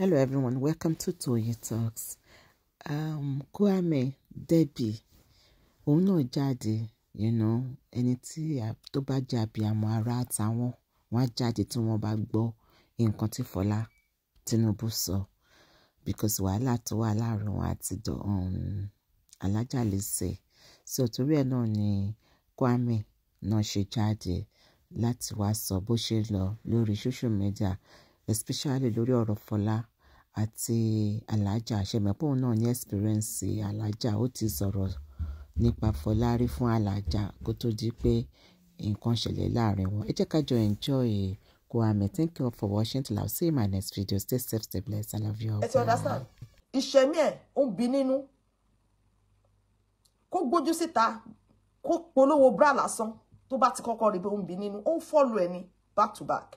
Hello, everyone. Welcome to Toyeen Talks. Um, Kwame Debbie, òun no jáde, you know, ẹni tí tó bá jẹ́ abiyamọ ara àtàwọn wọ́n á jáde tí wọ́n bá gbọ́ nǹkan tí because Tinubu sọ because wàhálà tó wà láàrin wọn àti um, Alájà Lizzy so torí ẹ̀ náà ni Kwame no she jáde láti wá so bó ṣe lori social media especially lórí ọ̀rọ̀ Fọlá àti Aláàjà àṣemẹ̀pọ̀ náà ní experience Aláàjà ó ti sọ̀rọ̀ nípa Fọlá rí fún Aláàjà kó tó di pé nǹkan ṣẹlẹ̀ láàrin wọn ẹ jẹ́ ká jọ enjoy Kwame thank you for watching till I see my next video stay safe stay blessed I love you all. ẹ ti understand ìṣẹ̀mí ẹ̀ ń bí nínú kó gbójú síta kó polówó bra lásán tó bá ti kọ́kọ́ rí bí ó ń bí nínú ó ń fọ́lù ẹni back to back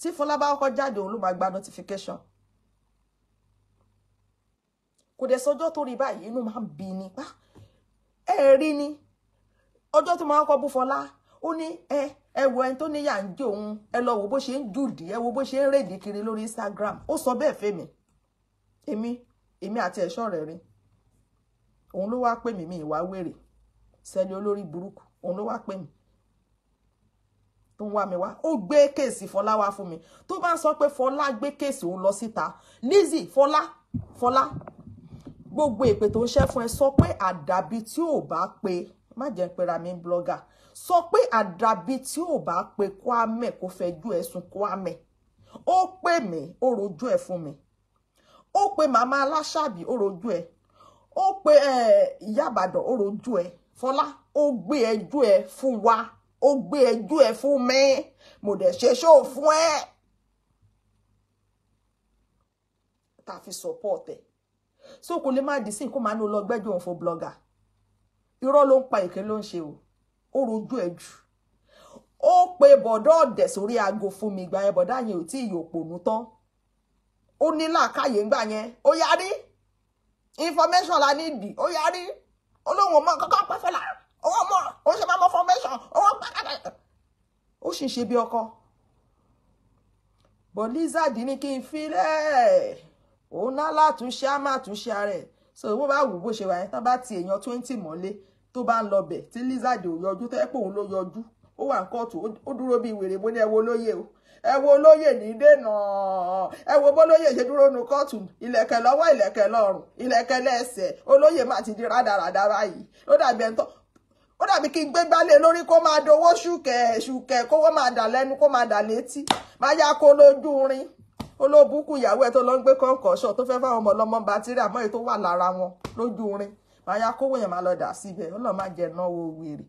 tí Fọlá bá kọ́kọ́ jáde òun ló máa gba notification kò dẹ̀ sọjọ́ tó rí báyìí inú máa ń bí ni pa ah, ẹ rí ni ọjọ́ tó máa ń kọ́ bú Fọlá ó ní ẹ ẹ wo ẹni tó níyà ń jẹ òun ẹ lọ wo bó ṣe ń jùdí ẹ wo bó ṣe ń rèdí kiri lórí Instagram ó sọ bẹ́ẹ̀ fèmí èmi èmi àti ẹ̀ṣọ́ rẹ̀ rí òun ló wá pè mí mi ìwà wèrè sẹ́ni olórí burúkú òun ló wá pè mí tó ń wá mi wá ó gbé kéèsì fọlá wá fún mi tó bá ń sọ pé fọlá gbé kéèsì òun lọ síta Lizzy fọlá fọlá gbogbo èpè tó ń ṣẹ́ fún ẹ sọ pé àdàbí tí ò bá pe má jẹ́ pera mi blogger sọ pé àdàbí tí ò bá pe Kwame kó fẹjú ẹ̀sùn Kwame ó pè mí ó rojú ẹ̀ fún mi ó pe màmá aláṣàbí ó rojú ẹ̀ ó pe eh, ìyá Ìbàdàn ó rojú ẹ̀ fọlá ó gbé ẹjú ẹ̀ fún wa ó gbé ẹjọ́ ẹ fún mi mo dẹ̀ ṣe ṣó fún ẹ tá fi support ẹ so kò lè má dì sí kó máa ní o lọ gbẹ́jọ́ òun fún blogger irọ́ ló ń pa èké ló ń ṣe o ó rojú ẹ jù ó pe bọ̀dọ̀ ọ̀dẹ̀ sórí aago fún mi ìgbà yẹn bọ̀dá yẹn ò tí ì yòpònú tán ó ní làákàyè ńgbà yẹn ó yarí information la nídìí ó yarí olóhùn ọmọ kankan pẹ́fẹ́ láàrín owó mọ ó ṣe máa mọ formation owó pàkàtà ó sì ń ṣe bí ọkọ but lizard ní kí n filẹ̀ òun náà látúnṣe á má túnṣe ara so bó bá wù bó ṣe wà yẹn tán bá ti èèyàn twenty mọ́lé tó bá ń lọ bẹ̀ tí lizard ò yọjú tó yẹ pé òun ló yọjú ó wà ní kóòtù ó dúró bíi wèrè bó ní ẹ wo lóye o ẹ wo lóye ní dènà ẹ wo ṣe dúró nu kóòtù ìlẹ̀kẹ̀ lọ́wọ́ ìlẹ̀kẹ̀ lọ́rùn ìlẹ̀kẹ̀ lẹ́sẹ̀ olóyè má ti di rádaràda báyìí ó dàbí ẹni ó dàbí kí n gbé gbálé lórí kó máa dowó ṣùkẹ̀ ṣùkẹ̀ kówó máa dà lẹ́nu kó máa dà létí máa yá kó lójú rin olóbùkù ìyàwó ẹ̀ tó lọ ń gbé kọ́ńkọ́ṣọ́ tó fẹ́ fáwọn ọmọ ọlọ́mọ bátírì àmọ́ èyí tó wà lára wọn lójú rin máa yá kówó yẹn máa lọ dà síbẹ̀ ó lọ máa jẹ náwó wèrè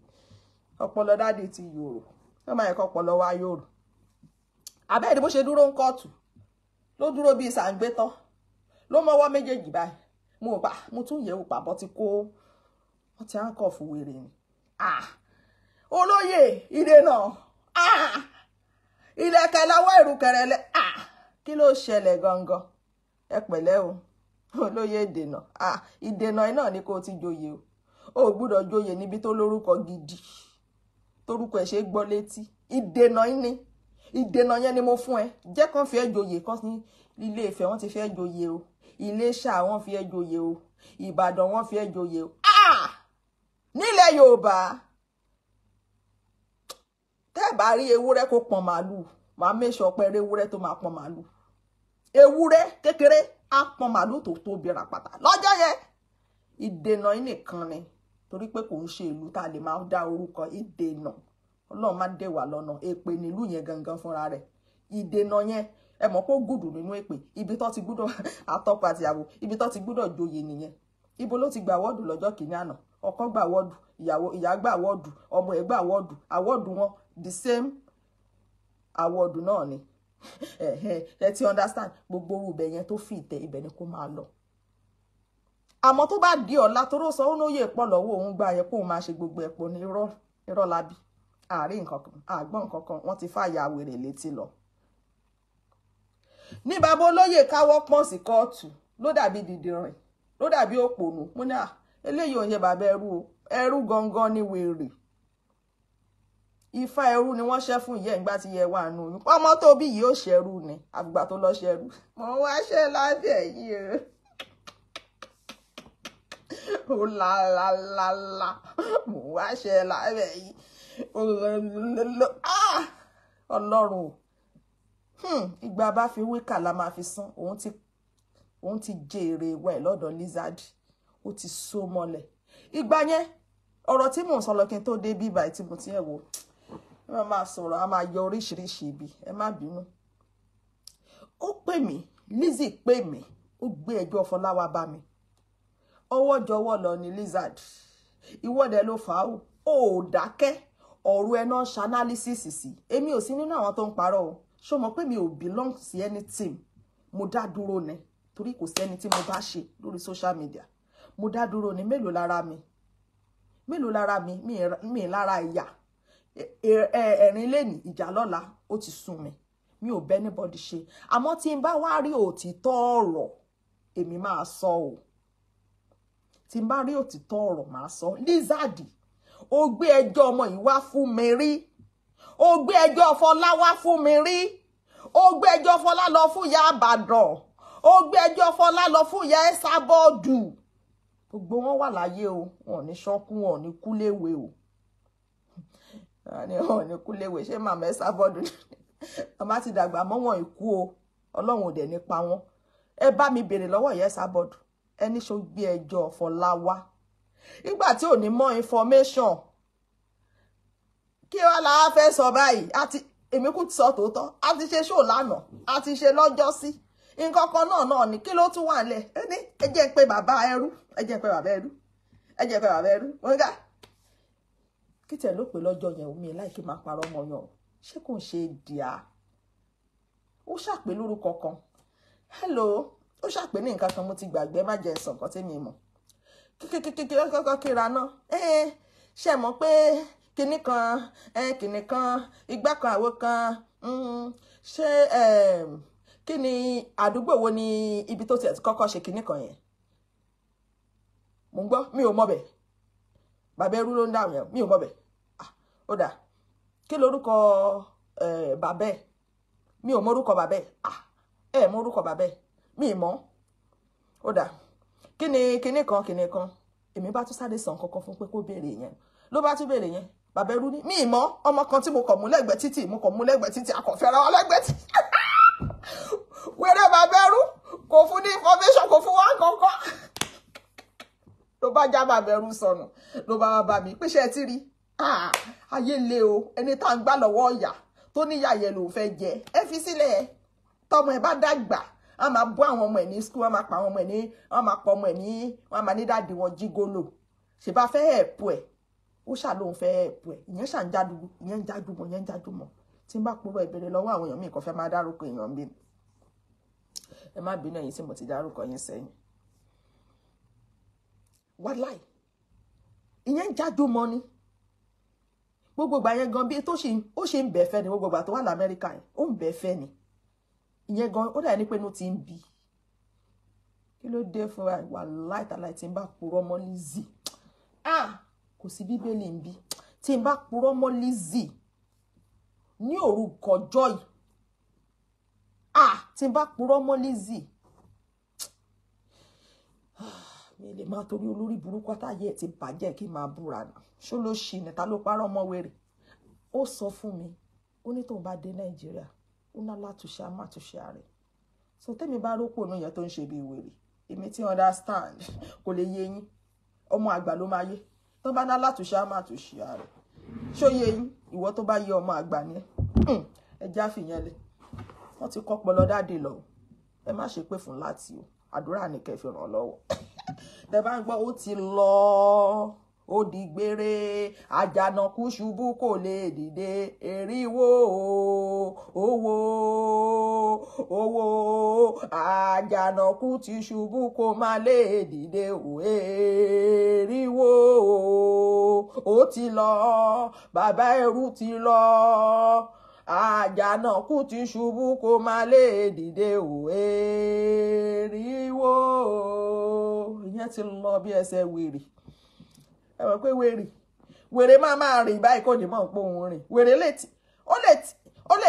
ọpọlọ dáàdì ti yòrò ó máa yẹ kó ọpọlọ wá yòrò àbẹ́ẹ̀dì bó ṣe dúró ń kóòtù ló dúró bíi sàǹgbétọ́ ló mọ́wọ́ méjèèjì báyìí mo bà mo tún yẹ̀wò pàbọ́ ti kó wọ́n ti á ń wèrè ni Ah, olóyè ìdènà ìlẹ̀kẹ̀ ah. láwọ́ ìrùkẹ̀rẹ̀ lẹ ah. kí ló ṣẹlẹ̀ gangan ẹ pẹ̀lẹ́ o olóyè ìdènà ah. ìdènà iná ni kò ti joyè o ò gbúdọ̀ joyè níbi tó lórúkọ gidi torúkọ ẹ̀ ṣe gbọ́ létí ìdènà ni ìdènà yẹn ni mo fún ẹ jẹ́ kàn fi ẹ́ joyè kàn sí ilé Ifẹ̀ wọ́n ti fi ẹ́ joyè o Iléṣà wọ́n fi ẹ́ joyè o Ìbàdàn wọ́n fi ẹ́ joyè o nílẹ̀ Yorùbá tẹ́ bá rí ewúrẹ́ kó pọ̀n màálù màá mẹsọ pẹrẹ ewúrẹ́ tó máa pọ̀n màálù ewúrẹ́ kékeré á pọ̀n màálù tó tóbi ràpàtà lọ́jọ́ yẹn ìdènà yìí nìkan ni torí pé kò ń ṣe ìlú tá a lè máa dá orúkọ ìdènà Ọlọ́run máa dé wà lọ́nà èpè nílùú yẹn gangan fúnra rẹ̀ ìdènà yẹn ẹ mọ̀ pé ó gùdù nínú èpè ibi tó ti gbúdọ̀ àtọ́pọ̀ àtìyàwó ibi tó ti gbúdọ̀ joyè nìyẹn ibo ló ti gbà wọ́ọ̀dù lọ́jọ́ kìíní àná ọkọ gba awọ́dù ìyàwó ìyá gba awọ́dù ọmọ ẹ̀ gba awọ́dù awọ́dù wọn the same awọ́dù náà ni ẹ ti understand gbogbo orú ibẹ̀ yẹn tó fi ìtẹ̀ ibẹ̀ ni kó máa lọ àmọ́ tó bá di ọ̀la toró sọ ó lóye pọ̀ lọ́wọ́ òun gba yẹn kóun máa ṣe gbogbo ẹ̀pọ̀ ní irọ́ irọ́ labi àárín nǹkan kan àgbọ̀n nǹkan kan wọ́n ti fàyà wèrè létí lọ. ní bàbá olóyè káwọ́ pọ̀ sí kóòtù ló dàbí dìdìrìn ló dàbí òpònú múnà eléyìí ò ń ṣe bàbá ẹrú o ẹrú gangan ni wèrè ifá ẹrú ni wọ́n ṣẹ́ fún ìyá ìgbà tí yẹ wà nù oyún ọmọ tó bí yìí ó ṣẹrú ni àgbà tó lọ ṣẹrú mo wa ṣẹ lábẹ́ yìí o la la mo wá ṣẹ lábẹ́ yìí ah! ọlọ́run o hmm, ìgbà bá fi wíkà la máa fi sán òun ti jèrè ìwà ẹ̀ lọ́dọ̀ lizard ó ti so mọ́lẹ̀ ìgbà yẹn ọ̀rọ̀ tí mò ń sọ lọ kí n tó dé bíbá tí mo ti ẹ̀ wò ẹ máa máa sọ̀rọ̀ a máa yọ oríṣiríṣi ibi ẹ má bínú ó pè mí Lizzy pè mí ó gbé ẹjọ́ Fọláwá bá mi ọwọ́ jọ̀wọ́ lọ ni Lizard ìwọ́de ló fà á ó dákẹ́ ọ̀rọ̀ ẹ̀ náà ṣe analysis sí èmi ò sí nínú àwọn tó ń parọ́ o ṣó mọ̀ pé mi ò belong sí any team mo dá dúró ni torí kò sẹ́ni tí mo bá ṣe lórí social media mo dá dúró ní mélòó lára mi mélòó lára mi mi lára ìyà e, e, e, ẹ̀rín lẹ́nì ìjà lọ́la ó ti sùn mi mi ò bẹ́ni bọ́dí ṣe àmọ́ tí n bá wá rí òtítọ́ ọ̀rọ̀ èmi máa sọ o tí n bá rí òtítọ́ ọ̀rọ̀ máa sọ Lizzy ó gbé ẹjọ́ ọmọ yìí wá fún mi rí ó gbé ẹjọ́ Fọlá wá fún mi rí ó gbé ẹjọ́ Fọlá lọ fún ìyá Àbàdàn ó gbé ẹjọ́ Fọlá lọ fún ìyá Ẹ̀sà bọ́ọ̀dù gbogbo wọn wà láyé o wọn ò ní ṣọ́kú wọn ò ní kú léwe o wọn ò ní kú léwe ṣé màmá ẹ sábọ́dún màmá ti dàgbà mọ́ wọn ìkú o ọlọ́run ò dẹ̀ nípa wọn ẹ bá mi béèrè lọ́wọ́ ìyá sábọ́dún ẹni ṣó gbé ẹjọ́ Fọláwá nígbà tí ò ní mọ information kí wàá la fẹ́ sọ báyìí àti èmi kú ti sọ tòótọ́ a ti ṣe ṣó lánàá a ti ṣe lọ́jọ́sí. Si nǹkan kan náà náà ni kí ló tún wà nílẹ̀ ẹ ní ẹ jẹ́ pé bàbá ẹrú ẹ jẹ́ pé bàbá ẹrú ẹ jẹ́ pé bàbá ẹrú wọn gà kí tẹ̀ ló pè lọ́jọ́ yẹn omi láìkí máa parọ́ ọmọ yẹn o ṣé kò ń ṣe dìá ó ṣàpè lórúkọ kan hello ó ṣàpè ní nǹkan kan mo ti gbàgbé má jẹ́ sọ nǹkan tẹ́mi mọ̀ kékeré kọ́kọ́ kíra náà ẹ̀ẹ́n ṣe mọ̀ pé kinní kan kinní kan igbá kan àwo kan ṣé kí ni àdúgbò wo ni ibi tó ti kọ́kọ́ ṣe kinní kan yẹn mo ń gbọ́ mi ò mọ̀ bẹ̀ bàbá ẹrú ló ń dáhùn yẹn mi ò mọ̀ bẹ̀ ó dà kí lorúkọ bàbá ẹ̀ mi ò mọ̀ orúkọ bàbá ẹ̀ ẹ̀ mọ̀ bàbá ẹ̀ mi ì mọ̀ ó dà kí ni kinní kan kinní kan èmi bá tún sáré sàn kankan fún pé kó béèrè yẹn ló bá tún béèrè yẹn bàbá ẹrú ní mi ì mọ̀ ọmọ kan tí mo kọ̀ mú lẹ́gbẹ̀ẹ́ títì mo kọ̀ mú lẹ́gbẹ̀ẹ́ títì akọ̀fẹ́ra wa lẹ́gbẹ̀ẹ́ títì wéré bàbá ẹrú kò fún ní information kò fún wa kankan ló bá já bàbá ẹrú sọnù ló bá bá mi pèsè tí rí ayé le o ẹni tá à ń gbà lọ́wọ́ ọ̀yà tó níyà yẹn ló fẹ́ jẹ ẹ fi sílẹ̀ tọmọ ẹ bá dàgbà a máa bọ́ àwọn ọmọ ẹ̀ ní skul a máa pa àwọn ọmọ ẹ̀ ní wọ́n máa pọ ọmọ ẹ̀ ní wọ́n máa ní dáàdì wọn jígolo ṣe bá fẹ́ ẹ̀pù ẹ̀ ó ṣà lóun fẹ́ ẹ̀pù ẹ̀ ìyẹn ṣà ń jádugu ìyẹn ń jádumọ̀ ìyẹn ń jádumọ̀ tí n bá purọ́ ìbéèrè lọ́wọ́ àwọn èèyàn mi kò fẹ́ máa dárúkọ èèyàn mi ẹ má bínú ẹ̀yin tí mo ti dárúkọ yín sẹ́yìn wáláì ìyẹn ń jájú mọ́ ni gbogbo ìgbà yẹn gan bí tó ṣe ó ṣe ń bẹ̀fẹ́ ni gbogbo ìgbà tó wà lamẹ́ríkà yẹn ó ń bẹ̀fẹ́ ni ìyẹn gan ó dà ní pé inú ti ń bi kí ló dé fún wa láìtàláì tí n bá purọ́ mọ́ Lizzy ah kò sí bíbélì ń bi tí n bá purọ́ mọ́ Lizzy ní òru kọjọ́ yìí ah tí n bá purọ́ mọ́ Lizzy mi lè máa torí olórí burúkú àtàyè ẹ̀ ti bàjẹ́ kí n máa búra nà ṣó ló ṣì ní ta ló parọ́ mọ́ wèrè ó sọ fún mi ó ní tóun bá dé Nàìjíríà ó ná látúnṣe á má túnṣe ààrẹ so tẹ́mi bá rópò nù yẹn tó ń ṣe bí wèrè èmi tí understand kò lè yé yín ọmọ àgbà ló máa yé tó bá ná látúnṣe á má túnṣe ààrẹ ṣó yé yín ìwọ tó bá yé ọmọ àgbà ni ẹ hmm, já fìyẹn wọ́n ti kọ́ pọlọ dáde lọ ẹ má ṣe pé fún láti o àdúrà ní kẹfì ràn lọ́wọ́ tẹ bá ń gbọ́ ó ti lọ ó di gbére àjànàkú ṣubú kò lè dìde wo, owó owó àjànàkú ti ṣubú kò má lè dìde òwe èríwó ó ti lọ bàbá ẹrú ti lọ àjànàkú ti ṣubú kó má lè dìde o èrìwó ìyẹn ti lọ bí ẹsẹ̀ wèrè ẹ mọ̀ pé wèrè wèrè máa máa rìn báyìí kò ní mọ̀ pé òun rìn wèrè lè ti ó lè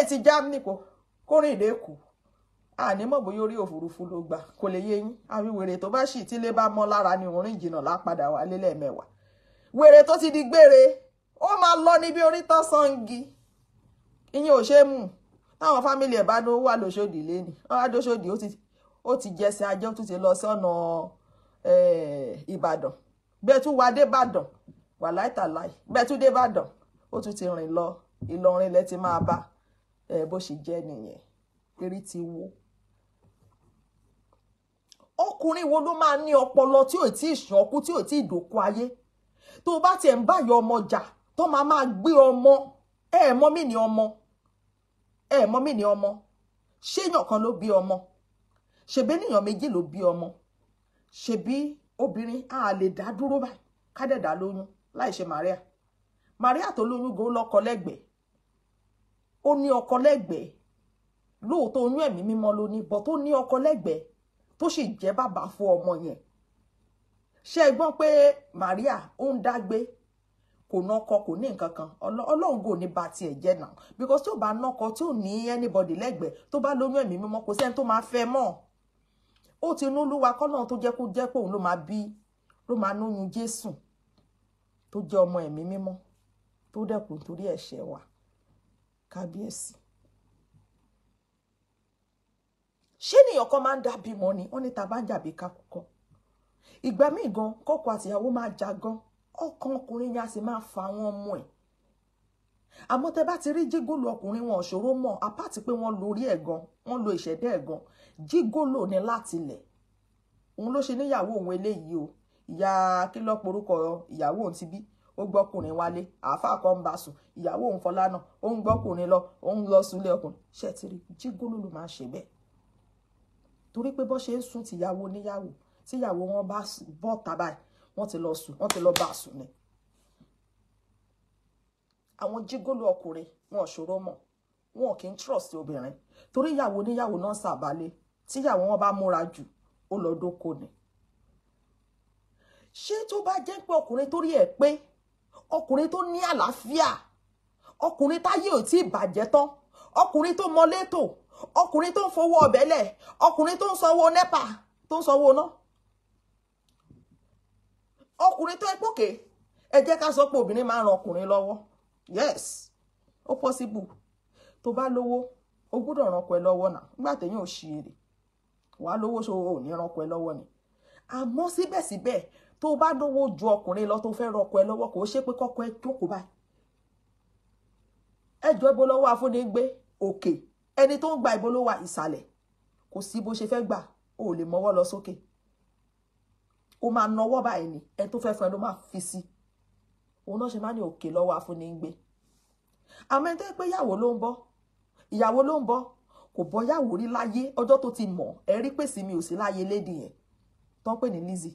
ti Germany kó kó rìn dé kù àní mọ̀ bóyá orí òfurufú ló gbà kò lè yé yín àbí wèrè tó bá sì tílé bá mọ́ lára ni òun rìn jìnnà lápadà wálé lẹ́ẹ̀mẹ́wàá wèrè tó ti di gbére ó máa lọ níbi orí tán sangi ìyẹn ò ṣe family mú táwọn fámìlì ẹ̀ bá ló wà lóṣòdì lẹ́nu wọ́n á lóṣòdì ó ti jẹsẹ̀ ajé ó tún ti lọ sọ́nà ìbàdàn bẹ́ẹ̀ tún wá dé ìbàdàn wà láìtàláì bẹ́ẹ̀ tún dé ìbàdàn ó tún ti rìn lọ ìlọrin lẹ ti máa bá bó ṣe jẹ́ nìyẹn eré ti wó ọkùnrin wo ló máa ni ọpọlọ tí ò tí ì ṣọkú tí ò tí ì dòkú ayé tó bá tiẹ̀ ń báyọ̀ ọmọ jà tó máa máa gbé ẹ ẹ mọ̀ mí ní ọmọ ẹ ẹ mọ̀ mí ní ọmọ ṣéyàn kan ló bí ọmọ ṣèbí ènìyàn méjì ló bí ọmọ ṣèbí obìnrin a lè dá dúró báyìí kádẹ̀dá lóyún láì ṣe Maria Maria tó lóyún gan lọ́kọ lẹ́gbẹ̀ẹ́ ó ní ọkọ lẹ́gbẹ̀ẹ́ lóòótọ́ oyún ẹ̀mí mímọ́ ló ní bọ́ tó ní ọkọ lẹ́gbẹ̀ẹ́ tó sì jẹ́ bàbá fún ọmọ yẹn ṣé ẹ gbọ́n pé Maria ó ń dágbé kò nọkọ kò ní nǹkan kan ọlọ́run gò ní ba tiẹ̀ jẹ́ náà because tó bá nọkọ tí ò ní anybody lẹ́gbẹ̀ẹ́ tó bá lóyún ẹ̀mí mímọ́ kò sẹ́ni tó máa fẹ́ mọ́ ó ti nú lúwa kọ́lọ́run tó jẹ́ kó jẹ́ pé òun ló máa bí ló máa lóyún jésù tó jẹ́ ọmọ ẹ̀mí mímọ́ tó dẹ̀kun torí ẹ̀ṣẹ̀ wa kábíyèsí. ṣé nìyàn kan máa ń dá bímọ ni wọ́n ní ta bá ń jàbí kakú kan ìgbà míì gan kọ́kọ́ àtìyàwó máa jà gan ọkàn ọkùnrin ni a sì máa fa àwọn ọmọ ẹ̀ àmọ́ tẹ bá ti rí jígòlò ọkùnrin wọn ṣòro mọ̀ apáti pé wọ́n lórí ẹ̀ gan wọ́n lo ìṣẹ̀dá ẹ̀ gan jígòlò ni láti lẹ̀ òun ló ṣe níyàwó òun eléyìí o ìyá kílọ̀ porúkọ ìyàwó òun ti bí ó gbọ́kùnrin wálé àáfàá kan ń bá sùn ìyàwó òun fọlá náà ó ń gbọ́kùnrin lọ ó ń lọ súnlé ọkùnrin ṣe ti rí jígòlò ló máa ṣe bẹ́ẹ̀ torí pé bó ṣe ń sùn tìyàwó níyàwó tíyàwó wọn bá bọ́ tàbáyìí wọ́n ti lọ sùn wọ́n ti lọ bá a sùn ni. àwọn jígolo ọkùnrin wọn ṣòro mọ̀ wọn kì í trust obìnrin torí ìyàwó oníyàwó náà ṣàbálé tíyàwó wọn bá múra jù ó lọ dóko ni. ṣé tó bá jẹ́ pé ọkùnrin tó rí ẹ̀ pé ọkùnrin tó ní àlàáfíà ọkùnrin táyé ò tí ì bàjẹ́ tán ọkùnrin tó mọ létò ọkùnrin tó ń fowó ọbẹ̀ lẹ̀ ọkùnrin tó ń sanwó nẹ́pà tó ń sanwó náà ọkùnrin tó ipòkè ẹ jẹ́ ká sọ pé obìnrin máa ń ran ọkùnrin lọ́wọ́ yes ó possible tó bá lówó o gbúdọ̀ ranko ẹ lọ́wọ́ náà nígbà téèyàn ò ṣe èrè wàá lówó ṣo ò ní ranko ẹ lọ́wọ́ ni àmọ́ síbẹ̀síbẹ̀ tó bá lówó ju ọkùnrin lọ tó fẹ́ ranko ẹ lọ́wọ́ kò ṣe pé kọ́kọ́ ẹ jókòó báyìí ẹjọ́ ibo lọ́wọ́ afúnni gbé òkè ẹni tó ń gba ibo ló wà ìsàlẹ̀ kò sí bó ṣe fẹ́ gbà ó lè mọ́wọ́ lọ sókè. Okay ó máa nọwọ́ báyìí ni ẹni tó fẹ́ fún ẹ ló máa fi sí òun náà ṣe máa ní òkè lọ́wọ́ afúnni ń gbé àmọ́ ẹni tó yẹ pé ìyàwó ló ń bọ́ ìyàwó ló ń bọ́ kò bọ́ yàwó rí láyé ọjọ́ tó ti mọ̀ ẹ rí pèsè mi ò sí láyé lédi yẹn tó ń pè ní Lizzy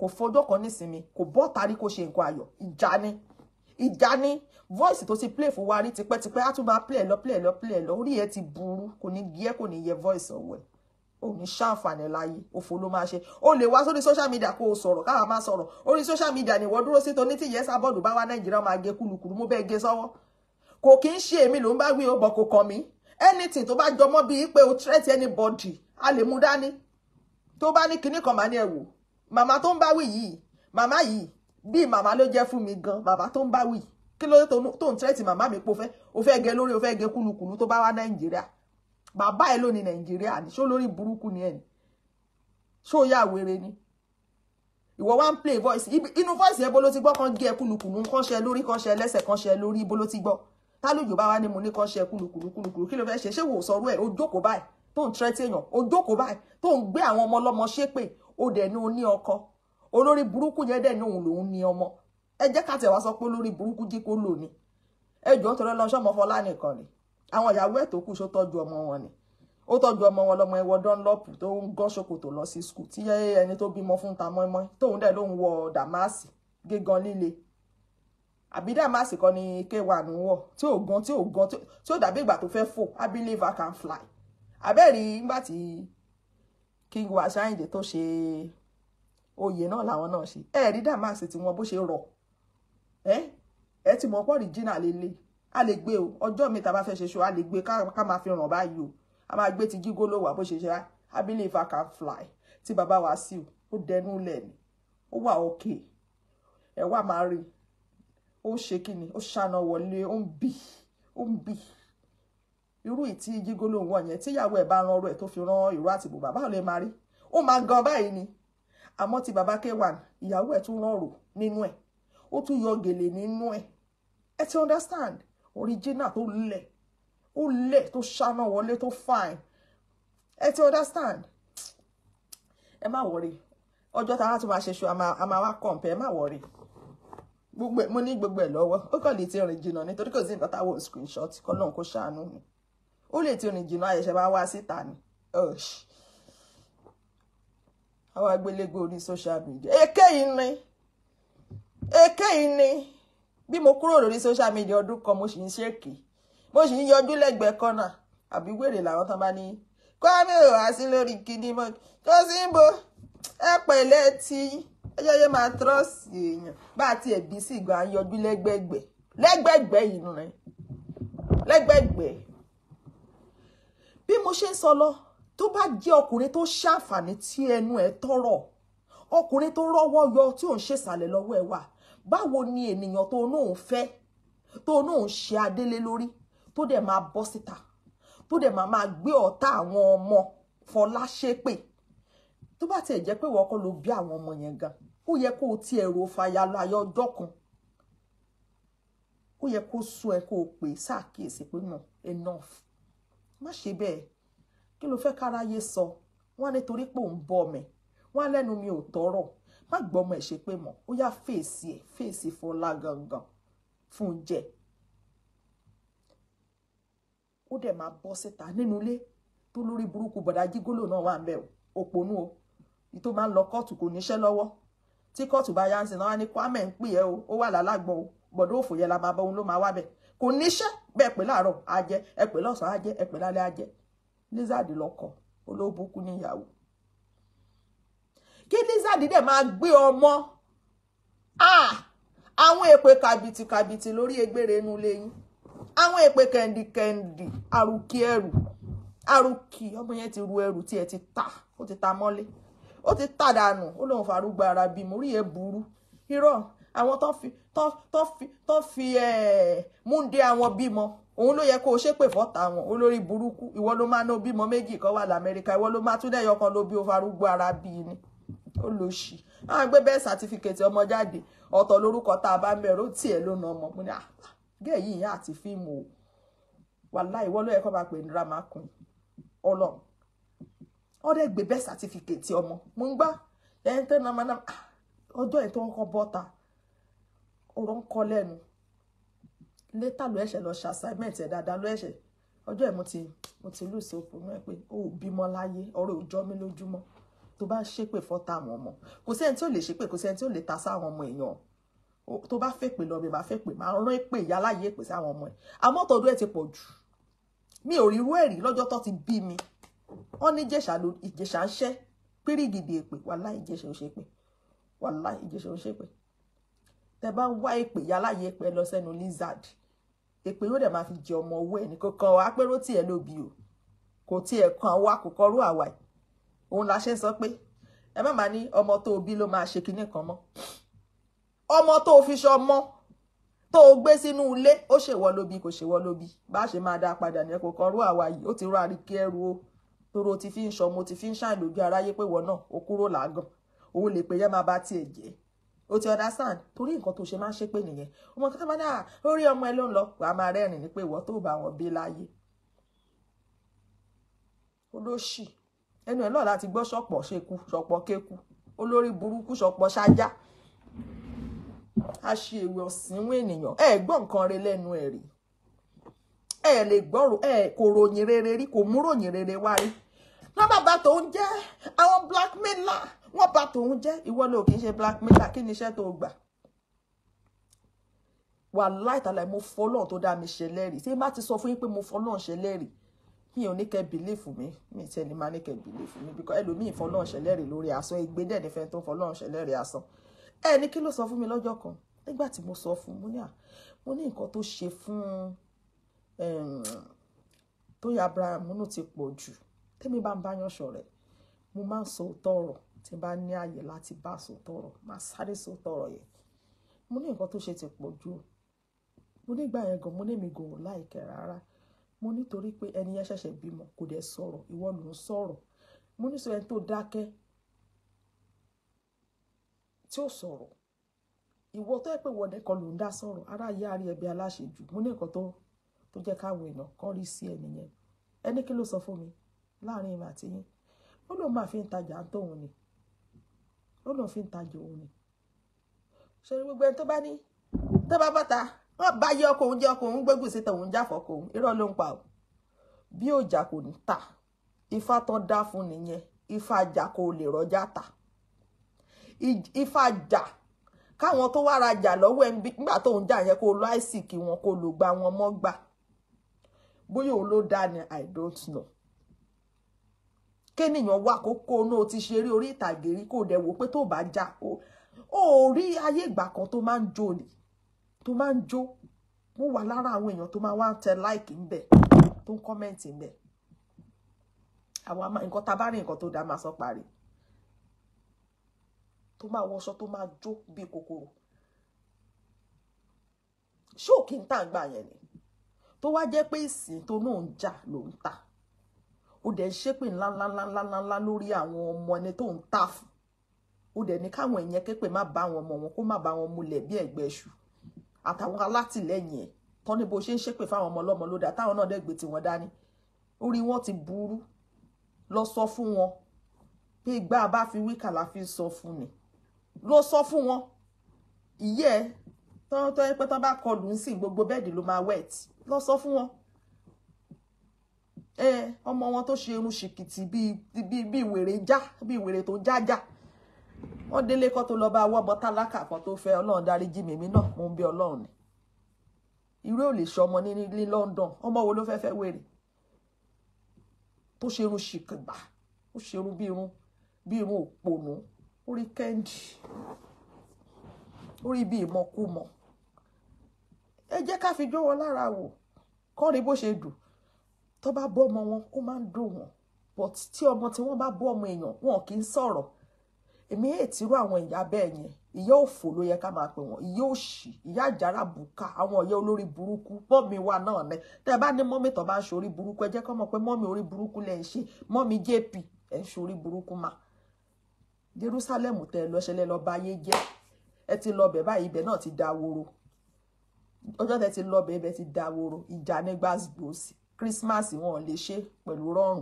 kò fọjọ́ kan nísinmi kò bọ́ tari kó ṣe nǹkan ayọ̀ ìjà ni ìjà ni voice tó ti play fún wa rí tipẹ́tipẹ́ á tún máa play lọ play lọ play lọ orí ẹ ti burú kò ní gé kò ní yẹ voice ọ̀wọ́ ẹ̀ ò ní ṣàǹfààní láyé òfò ló máa ṣe o lè wá sórí social media kó o sọ̀rọ̀ káwa máa sọ̀rọ̀ orí social media ni wọ́n dúró sí toní tí yẹn sábọ́ọ̀lù bá wá nàìjíríà máa gé kúlukùlu mú bẹ́ẹ̀ gé sọ́wọ́ kò kí ń ṣe èmi ló ń bá wí ọbọ̀ kò kàn mí anything tó bá jọmọ́ bíi pé o threat anybody a lè mú dání tó bá ní kinní kan máa ní ẹ wò màmá tó ń bá wí yìí màmá yìí bíi màmá ló jẹ́ fún mi gan màmá tó ń bá wí kí ló tó ń threat màmá mi pò fẹ́ o fẹ́ gẹ lórí o fẹ́ gẹ kúlukùlu tó bá wá nàìjíríà bàbá ẹ ló ní nàìjíríà ni ṣó lórí burúkú ni ẹ ni ṣó yà wèrè ni ìwọ wá ń play voice inú voice yẹn bó ló ti gbọ́ kan gé ẹ kúlukùlù kan ṣe lórí kan ṣe lẹ́sẹ̀ kan ṣe lórí bó ló ti gbọ́ tálùjò bá wá ní mo ní kan ṣe kúlukùlù kúlukùlù kí ló fẹ́ ṣe ṣé wò sọrú ẹ o jókòó báyìí tó ń tẹ́tí èèyàn o jókòó báyìí tó ń gbé àwọn ọmọ ọlọ́mọ ṣépè o dẹ̀ ní o ní ọkọ olórí burúkú yẹn dẹ̀ ni òun lòun ní ọmọ ẹ jẹ́ ká tẹ̀ wá sọ pé olórí burúkú jí kó lò ní ẹjọ́ tọ́lọ́lọ́ṣọ́mọfọlá nìkan ni àwọn ìyàwó ẹ̀ tó kù ṣó tọ́jú ọmọ wọn ni ó tọ́jú ọmọ wọn lọ́mọ ẹwọ dánlọ́pù tó ń gán ṣòkòtò lọ sí skul tí ẹni tó bímọ fún ta mọ́ẹ́mọ́ tóun dẹ̀ ló ń wọ dàmásì gígan líle àbí dàmásì kọ́ ni k1 ń wọ̀ tí ò gan tí ò gan tí ò dàbí ìgbà tó fẹ́ fò I believe I can fly abẹ́rì nígbà tí King Wasiu Ayinde tó ṣe oyè náà làwọn náà ṣe ẹ̀ẹ́dì dàmásì tí wọ́n bó ṣe rọ̀ ẹ́ ẹ ti mọ̀ pọ́ọ̀rì jìnnà lélẹ́yìí a lè gbé o ọjọ́ mi tá bá fẹ́ ṣe ṣó a lè gbé ká máa fi ràn báyìí o a máa gbé ti gígó ló wà bó ṣe ṣe abilé ifá can fly tí Baba wa sí o ó dẹnu lẹ̀ ni ó wà òkè ẹ̀ wà máa rí ó ṣe kí ni ó ṣáná wọlé ó ń bì ó ń bì irú ìtí gígó ló wọ̀ yẹn tíyàwó ẹ̀ bá ran ọrọ̀ ẹ̀ tó fi ran ìró àti bùbá báwo lè máa rí ó máa gan báyìí ni àmọ́ ti bàbá k1 ìyàwó ẹ̀ tún rán rò nínú ẹ̀ ó tún yọ gèlè nínú ẹ̀ ẹ ti understand original tó lẹ̀ ó lẹ̀ tó ṣáná wọlé tó fine ẹ ti understand ẹ má wọrí ọjọ́ tá a tún máa ṣe ṣu a máa wá kọ̀ǹpẹ́ ẹ má wọrí gbogbo mo ní gbogbo ẹ̀ lọ́wọ́ ó kàn lè ti rìn jìnnà nítorí kò sí nǹkan táwọn screenshot kọ́ náà kó ṣàánú mi ó lè ti rìn jìnnà àyẹ̀ṣẹ̀ bá wá síta ni àwọn agbélégbé orí social media èké yìí ni èké yìí ni bí mo kúrò lórí social media ọdún kan mo sì ń ṣèkì mo sì ń yọjú lẹ́gbẹ̀ẹ́ kọ́nà àbí wèrè làwọn tán bá ní Kwame ò wá sí lórí kíní mọ́ tó sì ń bo ẹ pẹ̀lẹ́ tí ẹjọ́ yẹn máa trọ́ọ̀sì èèyàn bá àti ẹ̀bí sì gbà ń yọjú lẹ́gbẹ̀gbẹ̀ lẹ́gbẹ̀gbẹ̀ ìnú rẹ̀ lẹ́gbẹ̀gbẹ̀ bí mo ṣe ń sọ lọ tó bá jẹ́ ọkùnrin tó ṣàǹfààní tí ẹnu ẹ̀ tọrọ ọkùnrin tó rọ́wọ́ yọ tí ò ń ṣèṣàlẹ̀ lọ́wọ́ wà báwo ni ènìyàn tó náà fẹ́ tó náà ṣe adélé lórí tó dẹ̀ máa bọ́ síta tó dẹ̀ máa máa gbé ọ̀tá àwọn ọmọ fọlá ṣépè tó bá tiẹ̀ jẹ́ pé wọ́n kọ́ ló bí àwọn ọmọ yẹn gan ó yẹ kó o ti ẹ̀rọ fàyàlàyà ọjọ́ kan ó yẹ kó sún ẹ kó o pè sáàkíyèsí pé no enough má ṣe bẹ́ẹ̀ kí ló fẹ́ káráyé sọ wọ́n á nítorí pé òun bọ̀ mẹ́ wọ́n á lẹ́nu mi ò tọ́rọ̀ má gbọ́mọ ẹ̀ ṣe pé mọ̀ ó yá fèsì ẹ̀ fèsì Fọlá gangan fún jẹ ó dẹ̀ máa bọ́ síta nínú ilé tó lórí burúkú bọ̀dá jígólò náà wà ń bẹ̀ òpònú o ní tó máa ń lọ kóòtù kò níṣẹ́ lọ́wọ́ tí kóòtù bá yá ń sìn náà ní Kwame ń pè ẹ́ o ó wà lálágbọ̀n o bọ̀dọ̀ òfò yẹn la máa bọ ohun ló máa wá bẹ̀ kò níṣẹ́ bẹ́ẹ̀ pé láàárọ̀ á jẹ ẹ pé lọ́sàn-án á ẹ pé lálẹ́ á jẹ lizard olóbùkún níyàwó kí Lizzy dẹ̀ máa gbé ọmọ ah! àwọn èpè kàbìtì kàbìtì lórí egbére inú ilé yín àwọn èpè kẹ̀ǹdìkẹ̀ǹdì àrùkí ẹrù àrùkí ọmọ yẹn ti ru ẹrù tí ẹ ti ta ó ti ta mọ́lé ó ti ta dànù ó lóun farúgba ara bí mo rí ẹ burú irọ́ àwọn tó fi tó fi tó fi múndé àwọn bímọ òun ló yẹ kó o ṣépè fọ́ta wọn olórí burúkú ìwọ ló máa ná bímọ méjì kan wà lamẹ́ríkà ìwọ ló máa tún dẹ́yọ kan ló bí o farúgba ara bí ni olóṣì àwọn gbé bẹ́ẹ̀ sátífíkẹ̀tì ọmọ jáde ọ̀tọ̀ lórúkọ tá a bá ń bẹ̀rù tiẹ̀ ló na ọmọ mo ní ah, gẹ́ẹ̀ yìí yá àti fíìmù o wàláì wọ́n ló yẹ kó máa pè ní drama ọlọ́run wọ́n dẹ̀ gbé bẹ́ẹ̀ sátífíkẹ̀tì ọmọ mo ń gbá ẹni tẹ́ na máa ah, ọjọ́ yìí tó ń kọ́ bọ́ta ọ̀rọ̀ ń kọ́ lẹ́nu létà ló ẹ̀ṣẹ̀ lọ ṣe assignment ẹ̀ dáadáa ló ẹ̀ṣẹ̀ ọjọ́ yìí mo ti mo ti lù sí òpó náà pé ó bímọ láyé ọ̀rọ̀ òjọ́ mi lójúmọ́ tó bá ń ṣépè fọ́tà àwọn ọmọ kò sẹ́ni tí ò lè ṣépè kò sẹ́ni tí ò lè ta sáwọn ọmọ èèyàn tó bá fẹ́ pè lọ́ọ́ mi bá fẹ́ pè máa rán èpè ìyá láyé èpè sáwọn ọmọ ẹ̀ àmọ́ tọdún ẹ̀ ti pọ̀ jù mi ò rí irú ẹ̀ rí lọ́jọ́ tó ti bí mi wọ́n ní ìjẹ̀ṣà ló ìjẹ̀ṣà ń ṣẹ́ pírígìdì èpè wàláì ìjẹ̀ṣà ò ṣe pè wàláì ìjẹ̀ṣà ò ṣe pè tẹ bá ń wá èpè ìyá láyé èpè lọ sẹ́nu lizard èpè yóò dẹ̀ máa fi jẹ ọmọ owó ẹ̀ ní kókan apẹ́rọ́ tiẹ̀ lóbi o kò tiẹ̀ kan wá kò kọrú àwàyí òun la ṣe ń sọ pé ẹ má máa ní ọmọ tó bí ló máa ṣe kinní kan mọ́ ọmọ tó fi ṣọmọ tó gbé sínú ilé ó ṣèwọ lóbi kò ṣèwọ lóbi bá ṣe máa dá padà ní ẹkọ kan rú àwa yìí ó ti rú àríkí ẹrù o toro ti fi ń ṣọmọ ti fi ń ṣàn lójú aráyé pé wọ náà ó kúrò lágàn òun lè pè yẹn máa bá tiẹ̀ jẹ́ o ti understand torí nǹkan tó ṣe máa ń ṣe pé nìyẹn ọmọ kẹta máa dáa ah, lórí ọmọ ẹ ló ń lọ wàá máa rẹ́rìn ní pé ìwọ tó bá wọn bí láyé olóṣì ẹnu ẹ̀ náà láti gbọ́ ṣọ̀pọ̀ ṣekú ṣọ̀pọ̀ kéku olórí burúkú ṣọ̀pọ̀ ṣájá a ṣe èwe ọ̀sìnwó ènìyàn ẹ gbọ́ nǹkan rẹ lẹ́nu ẹ̀ rí ẹ lè gbọ́rọ̀ ẹ kò ròyìn rere rí kò mú ròyìn rere wá rí wọ́n bá ba tòun jẹ́ àwọn blackmailer wọ́n ba tòun jẹ́ ìwọ ló kì í ṣe blackmailer kí ni iṣẹ́ tó gbà wà láìtàlà mo fọlọ́n tó dá mi ṣe lẹ́rìí ṣé má ti sọ fún yín pé mo fọlọ́n ṣe lẹ́rìí mi ò ní kẹ́ bìlífù mi mi tiẹ̀ ní máa ní kẹ́ bìlífù mi bíkọ́ ẹlòmíì fọlọ́run ṣẹlẹ́rì lórí asán igbe dẹ̀ nífẹ̀ẹ́ tó fọlọ́run ṣẹlẹ́rì asán ẹ ní kí ló sọ fún mi lọ́jọ́ kan nígbà tí mo sọ fún mo ní à mo ní nǹkan tó ṣe fún Tóyìn Abraham nù ti pọ̀ jù tẹ́mi bá ń bá yàn ṣọ̀rẹ́ mo máa ń sọ òótọ́ ọ̀rọ̀ tí bá ní àyè láti bá sòótọ́ ọ̀rọ̀ máa sáré sòótọ́ ọ̀rọ̀ yẹn mo ní nǹkan tó ṣe ti pọ̀ jù mo nígbà yẹn gan mo ní mi gò láìkẹ́ rárá mo nítorí pé ẹni yẹn ṣẹ̀ṣẹ̀ bímọ kò dẹ̀ sọ̀rọ̀ ìwọ ló ń sọ̀rọ̀ mo ní sọ ẹni tó dákẹ́ tí ó sọ̀rọ̀ ìwọ tó yẹ pé wọ́n nìkan ló ń dá sọ̀rọ̀ ara ìyá ẹbí aláṣejù mo ní nǹkan tó jẹ́ káwọn èèyàn kọ́ rí sí ẹni yẹn ẹni kí ló sọ fún mi láàrin ìmọ̀ àti yín ó lóun máa fi ń tajà ń tóun ni ó lóun fi ń tajà òun ni ṣe gbogbo ẹni tó bá ní tó bá bàtà wọ́n bá yẹ ọkọ òun jẹ́ ọkọ òun gbégùn síta òun jà fọ́kọ òun irọ́ ló ń pa o bí òjà kò ní ta ifá tán dá fún nìyẹn ifá jà kò lè rọjá ta ifá jà káwọn tó wá rajà lọ́wọ́ ẹ̀ nígbà tó ń jà yẹn kó lo àìsì kí wọn kó lo gba wọn mọ́ gbà bóyá òun ló dá ni i don't know kéèyàn wà kókó náà ti ṣeré orí ìtàgé rí kò dẹ̀ wò pé tó bá jà ó rí ayé ìgbà kan tó máa ń jò ní tó máa ń jó mo wà lára àwọn èèyàn tó máa wá tẹ like ń bẹ tó ń comment ń bẹ àwọn nǹkan tá a bá rí nǹkan tó dáa máa sọ parí tó máa wọṣọ tó máa jó bí kòkòrò ṣé òkè ń tà ń gbà yẹn ni tó wá jẹ́ pé ìsìn tó náà ń jà ló ń ta ó dẹ̀ ń ṣépè ńláńláńláńláńlá lórí àwọn ọmọ ẹni tó ń ta fún ó dẹ̀ ní káwọn ẹ̀yẹn képe má bá àwọn ọmọ wọn kó má bá wọn múlẹ̀ bí ẹ̀gbẹ́ ṣù àtàwọn alátìlẹyìn ẹ̀ tán ní bó ṣe ń ṣépè fáwọn ọmọ ọlọ́mọ ló dáa táwọn náà dẹ́gbẹ̀ tí wọ́n dání orí wọn ti burú lọ sọ fún wọn pé ìgbà bá fi wíkà la fi sọ fún ni lọ sọ fún wọn ìyẹ́ ẹ tán tó yẹ pé tán bá kọlù ń sìn gbogbo bẹ́ẹ̀dì ló máa wet lọ sọ fún wọn ọmọ wọn tó ṣe irun ṣìkìtì bíi wèrè já bíi wèrè tó jájá wọ́n délé kọ́ tó lọ bá wọ́mọ tálákà kan tó fẹ́ ọlọ́run dáríjì mèmí náà mo ń bẹ ọlọ́run ni irú ò lè ṣe ọmọ ní ní London ọmọ wo ló fẹ́ fẹ́ wèrè tó ṣe irun ṣìkìgbà ó ṣe irun bí irun bí irun òpònú ó rí kẹ́ńdì ó rí bí ìmọ̀kúmọ̀ ẹ jẹ́ ká fi jó wọn lára wò kọ́ni bó ṣe dùn tó bá bọ́ ọmọ wọn ó máa ń dùn wọn but tí ọmọ tí wọ́n bá bọ́ ọmọ èèyàn wọn kì í sọ̀rọ̀ èmi èètì irú àwọn ìyá bẹ́ẹ̀ yẹn ìyá òfò ló yẹ ká máa pè wọ́n ìyá òṣì ìyá àjàrà bùkà àwọn ìyá olórí burúkú mọ́mì wa náà ni tẹ́ ẹ bá ní mọ́mì tó bá ń ṣorí burúkú ẹ jẹ́ kọ́ mọ̀ pé mọ́mì orí burúkú lẹ́ ń ṣe mọ́mì jp ẹ̀ ń ṣorí burúkú mà Jerusalem tẹ́ ẹ lọ ṣẹlẹ̀ bá ayé jẹ́ ẹ ti lọ bẹ̀ báyìí ibẹ̀ náà ti da woro ọjọ́ tẹ́ ti lọ bẹ̀ ibẹ̀ ti da woro ìjà nígbà gbòòsì Christmas wọn ò lè ṣe pẹ̀lú rọrùn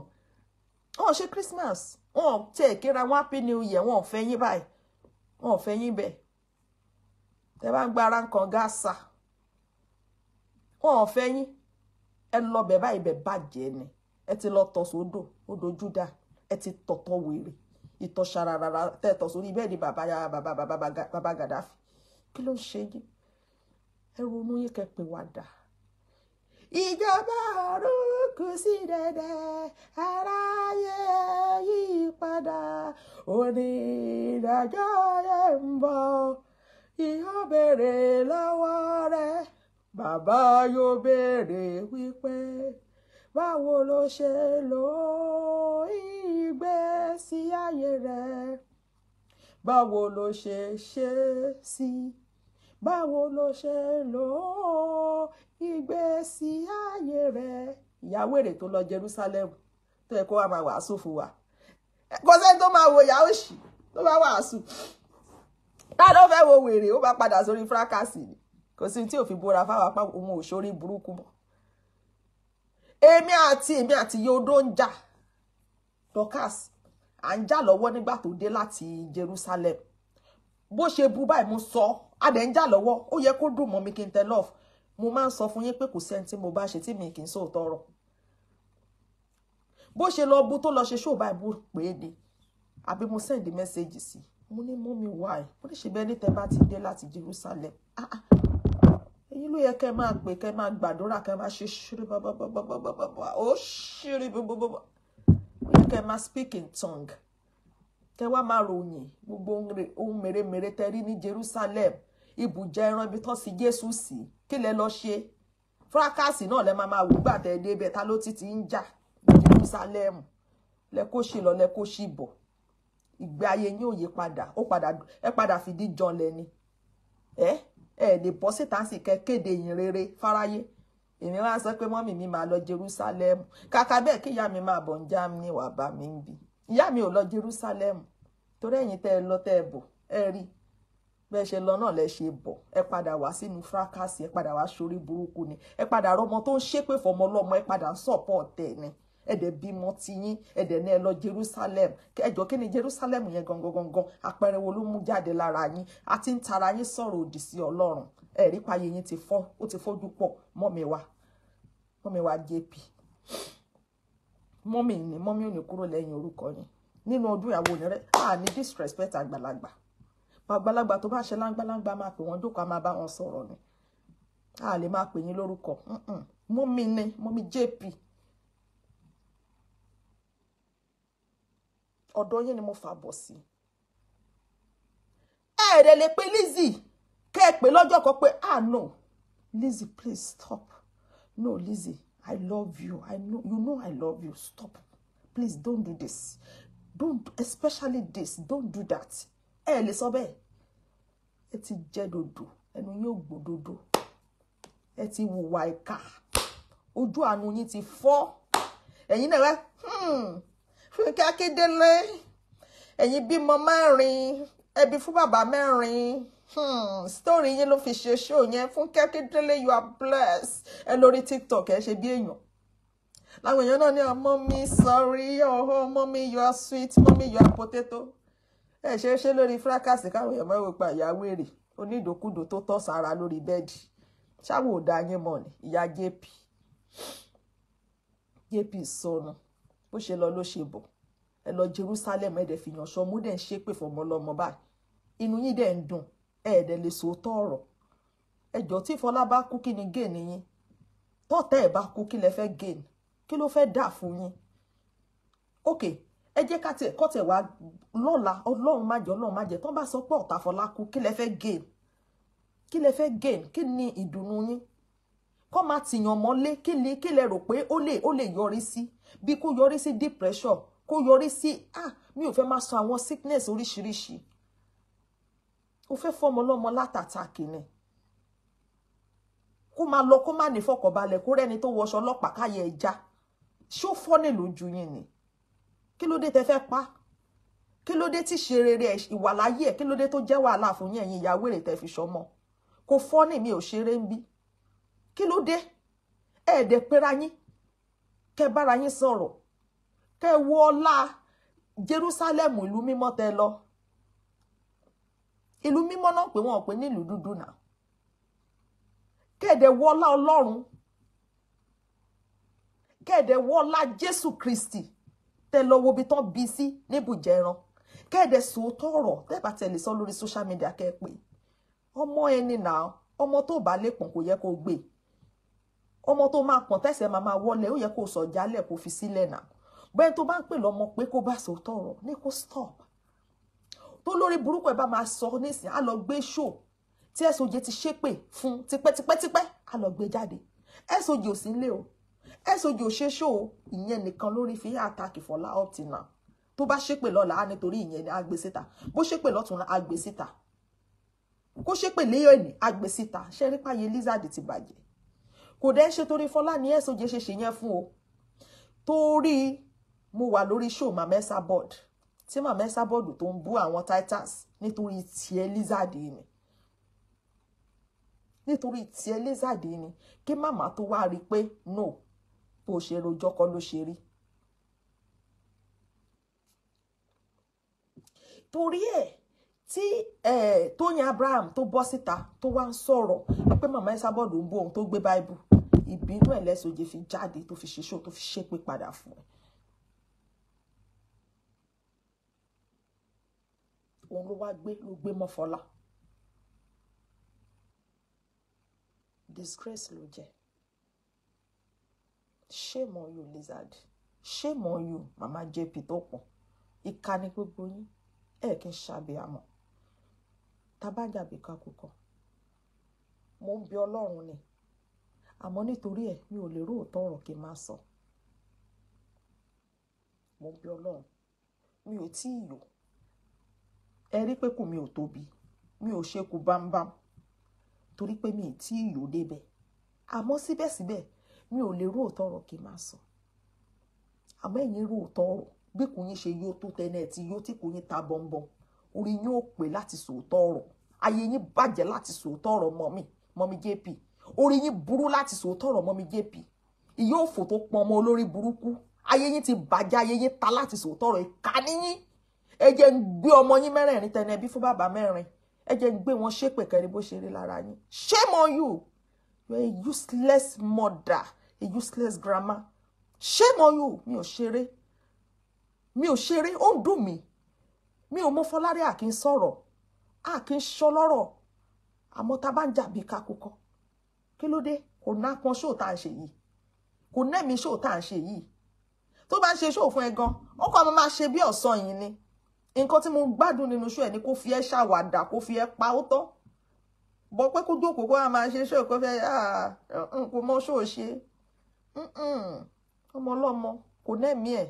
wọn ò ṣe Christmas wọn ò tẹ ìkéra wọn happy new year wọn ò fẹ́ yín báyìí wọn ò fẹ́ yín bẹ́ẹ̀ tẹ bá ń gba ara nǹkan gáàsà wọn ò fẹ́ yín ẹ lọ bẹ̀ báyìí bẹ̀ bàjẹ́ ni ẹ ti lọ tọ̀ sódò odò Júdà ẹ ti tọ̀tọ̀ wèrè ìtọ̀ ṣararara tẹ tọ̀ sórí bẹ́ẹ̀ ni bàbá bàbá bàbá Gàdáfì kí ló ń ṣe yín ẹ ronú yín kẹ́ pè wá ìjọba àrùn kù sí dẹ̀dẹ̀ aráyé yí padà òní ìdájọ́ yẹn ń bọ̀ ìyọ́ béèrè lọ́wọ́ rẹ̀ bàbá yóò béèrè wípé báwo ló ṣe lò ó ìgbésí ayé rẹ báwo ló ṣe ṣe sí báwo ló ṣe lò ìgbésí ayé rẹ ìyàwó èrè tó lọ Jerusalem tó yẹ kó wá máa wàásù fún wa kò sẹ́ni tó máa wo ìyá òṣì tó bá wàásù tá ló fẹ́ wo wèrè ó bá padà sórí fúrákàsì ni kò sí tí òfin bóra fáwọn apá òun ò sórí burúkú mọ́ èmi àti èmi àti yodo ń jà Dorcas à ń jà lọ́wọ́ nígbà tó dé láti Jerusalem bó ṣe bú báyìí mo sọ adẹ̀ ń jà lọ́wọ́ ó yẹ kó dùn mọ́ mi kí n tẹ love mo máa ń sọ fún yín pé kò sẹ́ni tí mo bá ṣe tí mi kì í sóòótọ́ ọ̀rọ̀ bó ṣe lọ bú tó lọ ṣe ṣóò báyìí pé é àbí mo send message sí mo ní mú mi wá ẹ mo ní ṣe bẹ́ẹ̀ ní tẹ́ ti dé láti Jerusalem èyí ah, ah. ló yẹ kẹ́ máa pè kẹ́ máa gbàdúrà kẹ́ máa ṣe ṣírí bàbàbàbàbà ó ṣírí bàbàbà yẹ kẹ́ máa speak in tongue kẹ́ wá máa ròyìn gbogbo ohun mèremère tẹ́ ní Jerusalem ibùjẹ ẹran ibi tán sí Jésù sí kí lẹ lọ ṣe fúrákàsì náà lẹ máa máa wù gbà tẹ ta ló ti ti ń jà Jerusalem lẹ kó ṣì lọ lẹ kó ṣì bọ̀ ìgbé ayé yín ò yí padà ó padà ẹ padà fìdí janlẹ̀ ni ẹ ẹ lè bọ́ síta sì kẹ kéde ìyìn rere fáráyé èmi wá sọ pé mọ́mì mi máa lọ Jerusalem kàkà bẹ́ẹ̀ kí ìyá mi máa bọ̀ ń Germany wàá bá mi ń bì ìyá mi ò lọ Jerusalem torí ẹ̀yin tẹ́ ẹ lọ tẹ́ ẹ bọ̀ ẹ rí i bẹ́ẹ̀ ṣe lọ náà lẹ ṣe bọ̀ ẹ padà wá sínú fúrákàsì ẹ padà wá sórí burúkú ni ẹ padà rọmọ tó ń ṣépè fọmọ ọlọ́mọ ẹ padà ń sọ̀pọ̀ọ̀tì ẹ̀ ni ẹ̀dẹ̀ bímọ tiyín ẹ̀dẹ̀ ní ẹ lọ Jerusalem ẹjọ́ kí ni Jerusalem yẹn gangan gangan àpẹẹrẹ wo ló mú jáde lára yín àti ń tara yín sọ̀rọ̀ òdì sí Ọlọ́run ẹ̀rí payé yín ti fọ́ ó ti fojú pọ̀ mọ́mi wa mọ́mi wa JP mọ́mi ni mọ́mi ò ní kúrò lẹ́yìn orúkọ yín nínú ọdún ìyàwó rẹ̀ à disrespect àgbàlagbà àgbàlagbà tó bá ṣe láńgbáláńgbá máa pè wọ́n jókòó a máa bá wọn sọ̀rọ̀ ni a lè máa pè yín lórúkọ mú mi ni mú mi jp ọ̀dọ̀ yín ni mo fà bọ̀ sí ẹ̀ẹ́dẹ̀ lè pe Lizzy kẹ́ ẹ pé lọ́jọ́ kan pé ah no Lizzy please stop no Lizzy I love you I know you know I love you stop please don't do this don't especially this don't do that ẹ lè sọ bẹ́ẹ̀ ẹ ti jẹ dòdò ẹnu yín ò gbó dòdò ẹ ti wùwà ìkà ojú àánú yín ti fọ́ ẹ̀yin náà rẹ hmm, Fúnkẹ́ Akíndélé ẹ̀yin bímọ mẹ́rin ẹbí fún bàbá mẹ́rin hmm, story yín ló fi ṣe show yẹn Fúnkẹ́ Akíndélé you are blessed ẹ lórí TikTok ẹ ṣe bí èèyàn láwọn èèyàn náà ní ọmọ oh, mi sorry ọ̀hún ọmọ mi you are sweet mommy you are potato ẹ ṣe ṣe lórí fracasi káwọn èèyàn máa ń pa ìyá wèrè onídòkúdò tó tọ́ sára lórí bẹ́ẹ̀dì ṣáwọn ò dá yín mọ̀ ní ìyá jp jp sọnù bó ṣe lọ ló ṣe bọ̀ ẹ lọ Jerusalem ẹ dẹ̀ fìyàn ṣọ mú dẹ̀ ń ṣépè fọmọ lọmọ báyìí inú yín dẹ̀ ń dùn ẹ dẹ̀ lè sòótọ́ ọ̀rọ̀ ẹjọ́ tí Fọlá kú kí ni gain yín tọ́tẹ̀ ẹ̀ bá kú kí lẹ fẹ́ gain kí ló fẹ́ dà fún yín okay ẹ jẹ́ ká tiẹ̀ kọ́ tiẹ̀ wá lọ́la ọlọ́run má jẹ́ ọlọ́run má jẹ́ tó bá sọ pé ọ̀tá fọlá kú kí lẹ fẹ́ gain kí lẹ fẹ́ gain kí ni ìdùnnú yín kọ́ máa tìyàn mọ́lé kí ni kí lẹ rò pé ó lè ó lè yọrí sí bí kó yọrí sí depression kó yọrí sí ah mi ò fẹ́ máa sọ àwọn sickness oríṣiríṣi o fẹ́ fọmọ lọ́mọ látàtà kìíní kó máa lọ kó má ní fọkànbalẹ̀ kó rẹ́ni tó wọṣọ ọlọ́pàá káyẹ ẹja ṣó fọ́nì lójú yín ni kí ló dé tẹ fẹ́ pa kí ló dé tí ṣe rere ìwà láyé ẹ̀ kí ló dé tó jẹ́ wàhálà fún yín ẹ̀yin ìyá wèrè tẹ fi ṣọmọ kò fọ́nì mi ò ṣeré ń bí kí ló dé ẹ̀ẹ́dẹ̀ pera yín kẹ́ bára yín sọ̀rọ̀ kẹ́ wo ọlá Jerúsálẹ́mù ìlú mímọ́ tẹ lọ ìlú mímọ́ náà pé wọ́n pè nílùú dúdú náà kẹ́ẹ̀dẹ̀ wọ́lá ọlọ́run kẹ́ẹ̀dẹ̀ wọ́lá Jésù Kristi tẹ lọ wo ibi tán bí sí níbùjẹ ẹran kẹ́ẹ̀dẹ̀ sòótọ́ ọ̀rọ̀ tẹ́ bá tẹ̀lé sọ lórí social media kẹ́ ẹ pé ọmọ ẹni nà ọmọ tó bá lè pọ̀n kò yẹ kó gbé ọmọ tó máa pọ̀n tẹ̀sẹ̀ máa máa wọlé ó yẹ kó sọ jálẹ̀ kó fi sílẹ̀ nà bẹ́ẹ̀ tó bá ń pè lọ́mọ pé kó bá sòótọ́ ọ̀rọ̀ ní kó stop tó lórí burúkú ẹ bá máa sọ nísìnyí á lọ gbé ṣò tí SOJ ti ṣépè fún tipẹ́tipẹ́tipẹ́ á lọ gbé jáde SOJ ò sí nílé o SOG ò ṣe ṣó ìyẹn nìkan lórí fi àtàkì Fọlá up till now tó bá ṣépè lọ́la á nítorí ìyẹn ni àgbè síta bó ṣépè lọ́tún àgbè síta kó ṣépè léyọ̀ ẹ̀nì e àgbè síta ṣẹ́rípáyé Lizard ti bàjẹ́ kò dẹ́ ṣe torí Fọlá ní SOG ṣe ṣe yẹn fún o torí mo wà lórí show mamesa board tí mamesa board tó ń bú àwọn Titans nítorí tiẹ̀ Lizard ni nítorí tiẹ̀ Lizard ni kí màmá tó wá rí i pé no bó ṣe rojọ́ kọ́ ló ṣe rí. torí ẹ̀ tí Tóyìn Abraham tó bọ́ síta tó wá ń sọ̀rọ̀ pé màmá Ìsàbọ̀dù ń bọ òun tó gbé báìbù ìbínú ẹ̀ lẹ́sọ̀jì fi jáde tó fi ṣèṣó tó fi ṣépè padà fún ẹ. òun ló wá gbé ló gbé mọ́ Fọlá disgrace ló jẹ́ shame on you lizard shame on you mama jp tó pọ̀ ìka ní gbogbo yín ẹ̀ kí n ṣàbíàmọ̀ tabájàbí kakùkọ mo ń bi ọlọ́run ni àmọ́ nítorí ẹ̀ mi ò lè rò òótọ́ kí n má sọ mo ń bi ọlọ́run mi ò tí ì yò ẹ rí pé kù mi ò tóbi mi ò ṣe kù bámbám torí pé mi ì tí ì yò débẹ̀ àmọ́ síbẹ̀síbẹ̀ mi ò lè rú òótọ́ ọ̀rọ̀ kí n máa sọ àmọ́ ẹ̀yin rú òótọ́ ọ̀rọ̀ bí kò yín ṣe yóò tó tẹnẹẹtì yóò tí kò yín ta bọ̀m̀bọ̀m orí yín ò pé láti sòótọ́ ọ̀rọ̀ ayé yín bàjẹ́ láti sòótọ́ ọ̀rọ̀ mọ́mí mọ́mí jp orí yín burú láti sòótọ́ ọ̀rọ̀ mọ́mí jp ìyá òfò tó pọn ọmọ olórí burúkú ayé yín ti bàjẹ́ ayé yín ta láti sòótọ́ ọ̀rọ̀ ìka níyín ẹ jẹ́ ń gbé ọmọ yín mẹ́rẹ̀ẹ̀rin tẹnẹ bí fún bàbá mẹ́rin ẹ jẹ́ ń gbé wọn ṣépè kẹrin bó ṣe rí lára yín shame on you You're a useless mother a useless grandma shame on you mi ò ṣeré mi ò ṣeré ó ń dùn mí mi ò mọ Fọlárí à kì í sọ̀rọ̀ à kì í ṣọlọ́rọ̀ àmọ́ tá a bá ń jàbí kakokọ kí ló dé kò ná pọn ṣóò tá à ń ṣe yìí kò nẹ́mi ṣóò tá à ń ṣe yìí tó bá ń ṣe ṣóò fún ẹ gan ó kọ́ ọ máa ṣe bí ọ̀sán yìí ni nǹkan tí mo gbádùn nínú ṣó ẹ ni kó fi ẹ́ ṣàwàdà kó fi ẹ́ pa ó tán bọ́ pé kó jókòó kó a máa ṣe ṣó kó fẹ́ ah, kó mọ́ ṣó ṣe ọmọ ọlọ́mọ kò nẹ́mí ẹ̀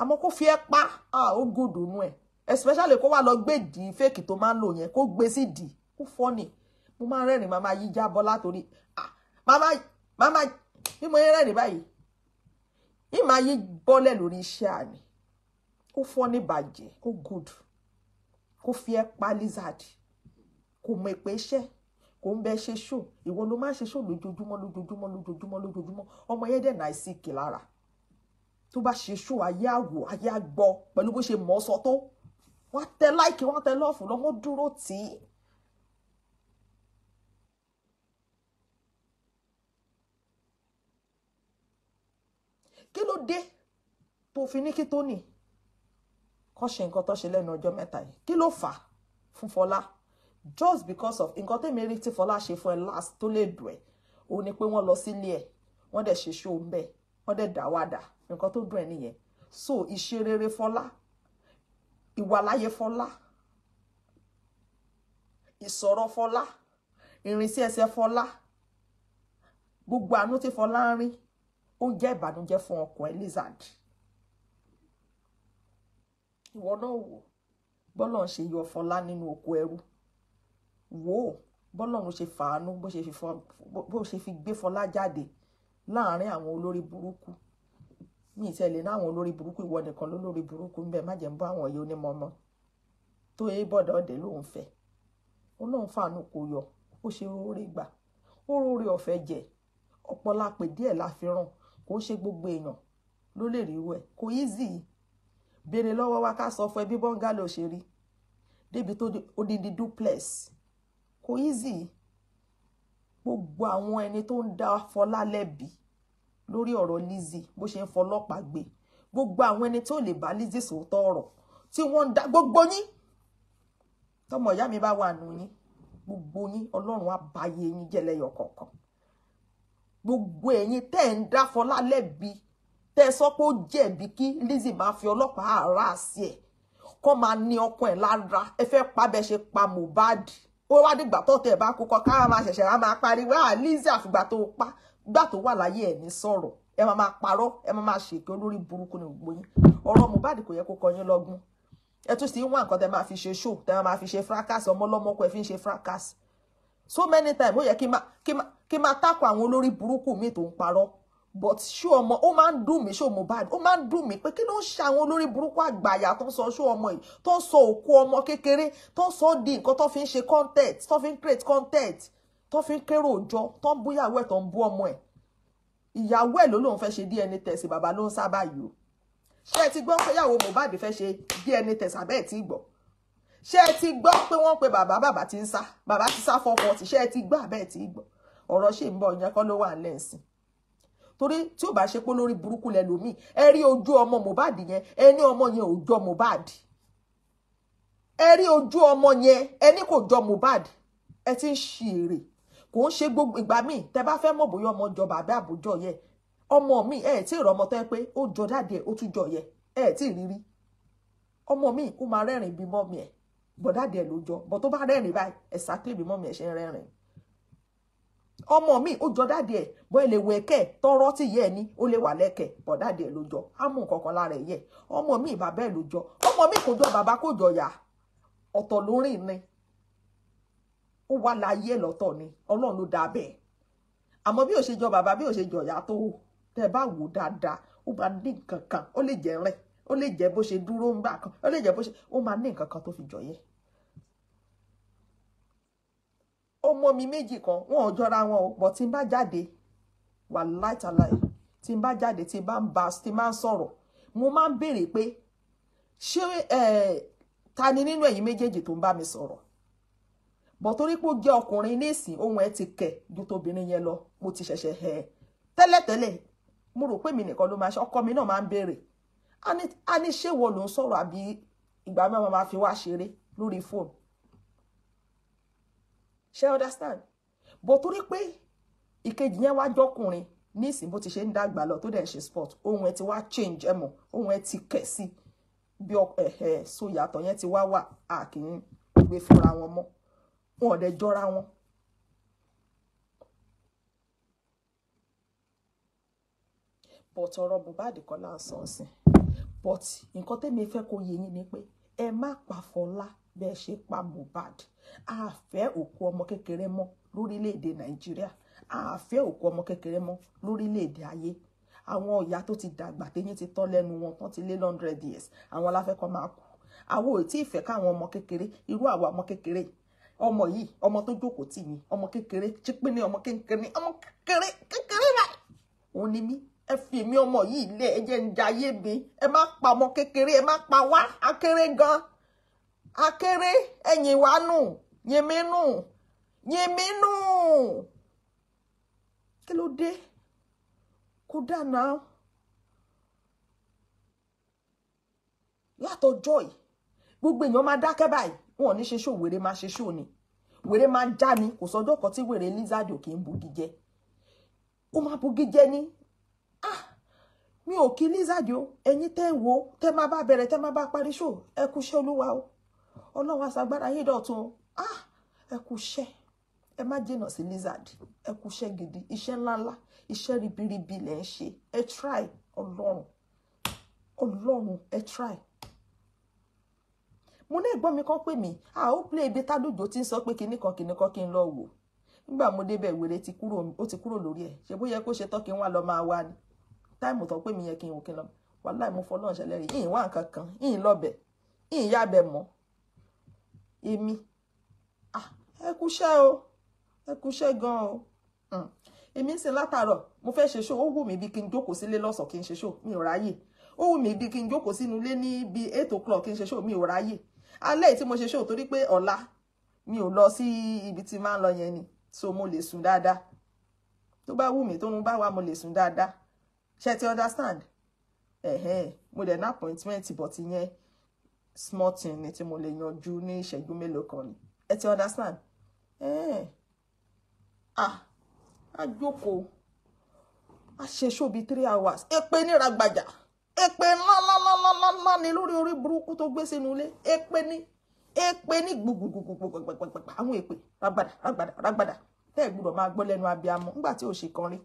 àmọ́ kó fi ẹ́ pa ah, ó gòdò nú ẹ̀ especially kó wá lọ gbé ìdí fèkì tó máa ń lò yẹn kó gbé sí ìdí kó fọ́nì mo máa ń rẹ́rìn máa máa yí jábọ́ látòrí ah, máa máa bí mo yẹn rẹ́rìn báyìí yìí máa yí bọ́lẹ̀ lórí iṣẹ́ àmì kó fọ́nì bàjẹ́ kó gòdò kó fi ẹ́ pa lizard kò mọ̀ pé iṣẹ́ kò ń bẹ ṣe ṣò ìwọ ló máa ṣe ṣò lójoojúmọ́ lójoojúmọ́ lójoojúmọ́ lójoojúmọ́ ọmọ yẹn dẹ̀ náà sì kì lára tó bá ṣe ṣò ayé àwò ayé àgbọ pẹ̀lú bó ṣe mọ̀ ọ́ sọ tó wọ́n tẹ láìkì wọ́n tẹ lọ́ọ̀fù lọ́wọ́ dúró tì í. kí ló dé tó fi ní kí tó nì kọ́ ṣe nǹkan tó ṣe lẹ́nu ọjọ́ mẹ́ta yìí kí ló fà á fún Fọlá just because of nǹkan tèmi rí tí Fọlá ṣe fún ẹ last tó lè dùn ẹ òun ni pé wọ́n lọ sílé ẹ wọ́n dẹ̀ ṣe ṣóun bẹ́ẹ̀ wọ́n dẹ̀ dá wàdà nǹkan tó dùn ẹ nìyẹn so ìṣerere Fọlá ìwàláyé Fọlá ìsọ̀rọ̀ Fọlá ìrìnsí ẹsẹ̀ Fọlá gbogbo àánú tí Fọlá ń rí ó jẹ́ ìbànújẹ́ fún ọkàn Lizard ìwọ náà wò bọ́lọ̀ ń ṣe yọ Fọlá nínú oko ẹrú wò ó bọ́lọ́run ṣe fàánú bó ṣe fi gbé Fọlá jáde láàárín àwọn olórí burúkú mi ì tẹ̀lé náà àwọn olórí burúkú ìwọ nìkan lólórí burúkú ń bẹ má jẹ́ ń bọ́ àwọn yìí onímọ̀ọ́mọ́ tó yẹ bọ́dọ̀ ọ̀dẹ̀ lòún fẹ́ ó náà fàánú kò yọ ó ṣe oore gbà ó róore ọ̀fẹ́ jẹ ọ̀pọ̀ la pè díẹ̀ la fi ràn kò ṣe gbogbo èèyàn ló lè rí wẹ̀ kò easy béèrè lọ́wọ́ wa ká sọ fún ẹbí bọ́ngàlò ṣe rí débi tó odindi duplex kò easy gbogbo àwọn ẹni tó ń dá Fọlá lẹ́bi lórí ọ̀rọ̀ Lizzie bó ṣe ń fọlọ́pàá gbé gbogbo àwọn ẹni tó lè bá Lizzie sòótọ́ ọ̀rọ̀ tí wọ́n ń dá gbogbo yín tọmọ ìyá mi bá wà nù yín gbogbo yín Ọlọ́run á bá yé yín jẹ́lẹ́yọ̀ kọ̀ọ̀kan gbogbo ẹ̀yin tẹ́ ń dá Fọlá lẹ́bi tẹ́ sọ pé ó jẹ̀bi kí Lizzie máa fi ọlọ́pàá àárá sí ẹ̀ kó máa ní ọkàn ẹ̀ lára ẹ fẹ́ pa bẹ́ẹ̀ ṣe pa Mohbad ó wá dìgbà tó tẹ̀ bá kú kọ ká máa ṣẹ̀ṣẹ̀ á máa pariwo à Lizzy àfìgbà tó pa gbà tó wà láyé ẹ̀ ní sọ̀rọ̀ ẹ máa máa parọ́ ẹ máa máa ṣèké olórí burúkú ní gbogbo yín ọ̀rọ̀ Mohbad kò yẹ kó kọ yín lọ́gbọ́n ẹ tún sì ń wá nǹkan tẹ máa fi ṣe show tẹ máa fi ṣe fracas ọmọlọ́mọ kọ ẹ fi ń ṣe fracas so many times ó yẹ kí máa tako àwọn olórí burúkú míì tó ń parọ́ but ṣó ọmọ ó máa ń dùn mí ṣó Mohbad ó máa ń dùn mí pé kí ló ń ṣe àwọn olórí burúkú àgbàyà tó ń sọ ṣó ọmọ yìí tó ń sọ òkú ọmọ kékeré tó ń sọ di nǹkan tó fi ń ṣe content tó fi ń create content tó fi ń kérò òjọ tó ń búyàwó ẹ̀ tó ń bú ọmọ ẹ̀ ìyàwó ẹ̀ ló lóun fẹ́ ṣe DNA test bàbá ló ń sábà yìí o ṣé ẹ ti gbọ́ pé ìyàwó Mohbad fẹ́ ṣe DNA test àbẹ́ ẹ̀ ti gbọ́ ṣé ẹ ti gbọ́ pé wọ́n pe bàbá bàbá ti ń sá bàbá ti sá fọ́fọ́ ti ṣé ẹ ti gbọ́ àbẹ́ ẹ̀ ti gbọ́ ọ̀rọ̀ ṣì ń bọ̀ ìyẹn kọ́ ló wà lẹ́sìn torí tí ò bá ṣe pé lórí burúkú lẹlòmíì ẹ rí ojú ọmọ Mohbad yẹn ẹ ní ọmọ yẹn ò jọ Mohbad ẹ rí ojú ọmọ yẹn ẹ ní kò jọ Mohbad ẹ ti ń ṣe èrè kò ń ṣe gbogbo ìgbà míì tẹ bá fẹ́ mọ̀ bóyá ọmọ jọ bàbá àbújọ yẹn ọmọ mi ẹ tí ì rọmọ tẹ pé ó jọ dáàdì ó tún jọ yẹn ẹ tí ì rírí ọmọ mi ó máa rẹ́rìn bí mọ́mì ẹ̀ bọ̀dáàdì ẹ ló jọ bọ̀ tó bá rẹ́rìn báyìí ẹ̀ sáà kìlì bí mọ́mì ṣe ń ọmọ mi ó jọ dáàdì ẹ̀ bọ́ ẹ lè wọ ẹ̀kẹ́ tọrọ tí yẹ ẹ ní ó lè wà lẹ́kẹ̀ bọ̀ dáàdì ẹ̀ ló jọ á mú lára ẹ̀ yẹ ọmọ mi bàbá ẹ̀ ló jọ ọmọ mi kò jọ bàbá kò jọ yà ọ̀tọ̀ ló rìn ni ó wà láyé ẹ̀ lọ́tọ̀ ni ọlọ́run ló dáa bẹ́ẹ̀ àmọ́ bí ò ṣe jọ bàbá bí ò ṣe jọ ìyá tó tẹ́ bá wò dáadáa ó máa ní nǹkan kan ó lè jẹ́ rẹ̀ ó lè jẹ́ bó ṣe dúró ńgbà kan ó lè jẹ́ bó ṣe ó máa ní nǹkan kan tó fi jọ yẹn ọmọ mi méjì kan wọn ò jọra wọn ò pọ̀ tí n bá jáde wà láìtàláì tí n bá jáde tí n bá ń bá tí n bá ń sọ̀rọ̀ mo máa ń béèrè pé ṣé ta ni nínú ẹ̀yin méjèèjì tó ń bá mi sọ̀rọ̀ bọ̀ torí pé ó jẹ́ ọkùnrin nísìn ohun ẹ̀ ti kẹ̀ ju tóbìnrin yẹn lọ mo ti ṣẹ̀ṣẹ̀ hẹ̀ ẹ́ mo rò pé mi nìkan ló máa ṣe ọkọ mi náà máa ń béèrè a ní ṣé wo ló ń sọ̀rọ̀ àbí ìgbà mẹ́wàá máa fi wá ṣeré lórí fóònù ṣe understand bó torí pé ìkejì yẹn wá jọkùnrin nísìn bó ti ṣe ń dàgbà lọ tó dẹ̀ ń ṣe sport ohun ẹ ti wá change ẹ mọ̀ ohun ẹ ti kẹ̀ sí bí ẹ̀hẹ̀ so yàtọ̀ yẹn ti wá wà á kì í gbé fúnra wọn mọ́ wọn ò dẹ̀ jọra wọn. but ọ̀rọ̀ Mohbad kọ́ là ń sọ ọ̀sìn but nǹkan tẹ́mi fẹ́ kó yé yín ni pé ẹ má pa Fọlá bẹ́ẹ̀ ṣe pa Mohbad àfẹ́ òkú ọmọ kékeré mọ́ lórílẹ̀‐èdè Nàìjíríà àfẹ́ òkú ọmọ kékeré mọ́ lórílẹ̀‐èdè ayé àwọn ìyá tó ti dàgbà téyín ti tán lẹ́nu wọn tán ti lé hundred years àwọn aláfẹ́kọ́ máa kú àwọn ò tí ì fẹ́ káwọn ọmọ kékeré irú àwọn ọmọ kékeré ọmọ yìí ọmọ tó jókòó tì yín ọmọ kékeré chípínì ọmọ kékeré ọmọ kékeré kékeré rà òun ni mí ẹ fi èmi ọmọ yìí lé ẹ jẹ́ ń jayé mi ẹ má pa ọmọ kékeré ẹ má pa wá akéré gan-an akéré ẹ̀yìn wá nù yèmí nù yèmí nù kí ló dé kó dáná látọjọ́ yìí gbogbo èèyàn máa dákẹ́ báyìí wọn ò ní ṣe ṣó wèrè máa ṣe ṣó ni wèrè máa ń já ni kò sọjọ́ kan tí wèrè lizardo kì í bugi jẹ ó máa bugi jẹ ni ah mi ò kí lizardo ẹ̀yin tẹ́ wo tẹ́ máa bá bẹ̀rẹ̀ tẹ́ máa bá parí ṣó ẹ kú ṣẹ́ olúwa o ọlọ́run aṣàgbára yín dọ̀tun ah ẹ kú iṣẹ́ ẹ má lizard ẹ kú iṣẹ́ gidi iṣẹ́ ńláńlá ribiribi lẹ̀ ń ṣe ẹ try ọlọ́run ọlọ́run ẹ try mo ní mi kan pè mí a ó play ibi tádùjọ tí ń sọ pé kinní kan kinní kan kí n lọ wò nígbà mo débẹ̀ wèrè ó ti kúrò lórí ẹ̀ ṣe bó yẹ kó ṣe tán kí n lọ máa wá ni táìmù pè mí yẹ kí n wò kí n lọ wàláì mo fọlọ́run ṣẹlẹ̀ rí ìyìn wá nǹkan èmi ah, ẹ kúṣẹ́ o ẹ kúṣẹ́ gan o hmm. èmi ń sin látàárọ̀ mo fẹ́ ṣe ṣó ó wù mí bí kí n jókòó sílé lọ́sàn kí n ṣe ṣó mi ò ráyè ó wù mí bí kí n jókòó sínú ilé ní bíi eight o'clock kí n ṣe ṣó mi ò ráyè alẹ́ tí mo ṣe ṣó torí pé ọ̀la mi ò lọ sí ibi tí máa ń lọ yẹn ni so mo lè sùn dáadáa tó bá wù mí tó ń bá wa mo lè sùn dáadáa ṣe ti understand ẹ̀hẹ́n mo dẹ̀ ní appointment but ìyẹn small thing ni tí mo le yanjú ní ìṣẹ́jú mélòó kan ni ẹ ti understand eh. ah a joko? a ṣe show bí three hours èpè níra gbàjà èpè ńláńláńláńlá ni lórí orí burúkú tó gbé sínú ilé èpè ní èpè ní gbogbogbogbogbogbogbogbogbò àwọn èpè ragbada ragbada ragbada tẹ́ ẹ̀ gbúdọ̀ máa gbọ́ lẹ́nu abiyamọ nígbà tí ò ṣe kọrin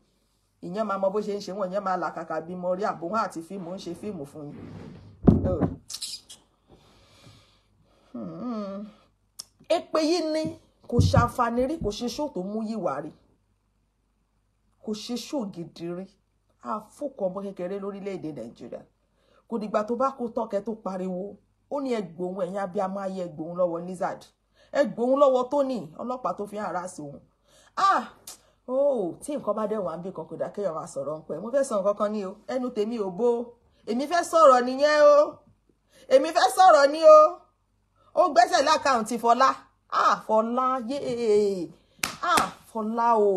ìyẹn máa mọ bó ṣe ń ṣe wọn ìyẹn máa làkàkà bímọ rí àbòhán èpè hmm. yìí ni kò ṣàǹfààní rí kò ṣe ṣó tó mú yíwà rí kò ṣe ṣó gidi rí àfọkọ ọmọ kékeré lórílẹ̀ nàìjíríà kò dìgbà tó bá kó tọ́kẹ́ tó pariwo ó ní ẹgbòhun ẹ̀yìn abiyamọ ayé ẹgbòhun lọ́wọ́ lizard ẹgbòhun lọ́wọ́ tóní ọlọ́pàá tó fi hàn ara sí òun ah oh tí nǹkan bá dẹ̀ wà ń bí kan kò dákẹ́yọ̀ máa sọ̀rọ̀ ń pẹ́ mo fẹ́ sọ nǹkan kan ní o ẹnu tèmi ò bó èmi fẹ́ sọ̀rọ̀ nìyẹn o èmi fẹ́ sọ̀rọ̀ ní o ó gbẹ́sẹ̀ lákàǹtì fọlá ah fọlá yéè ah fọlá o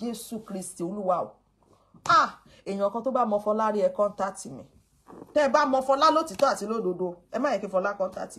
jésù kristi olúwa o ah èèyàn kan tó bá mọ fọlá rí ẹ kọ́ńtàtì mi tẹ́ ẹ bá mọ fọlá lótìtọ́ àti lódodo ẹ má yẹ kí fọlá kọ́ńtàtì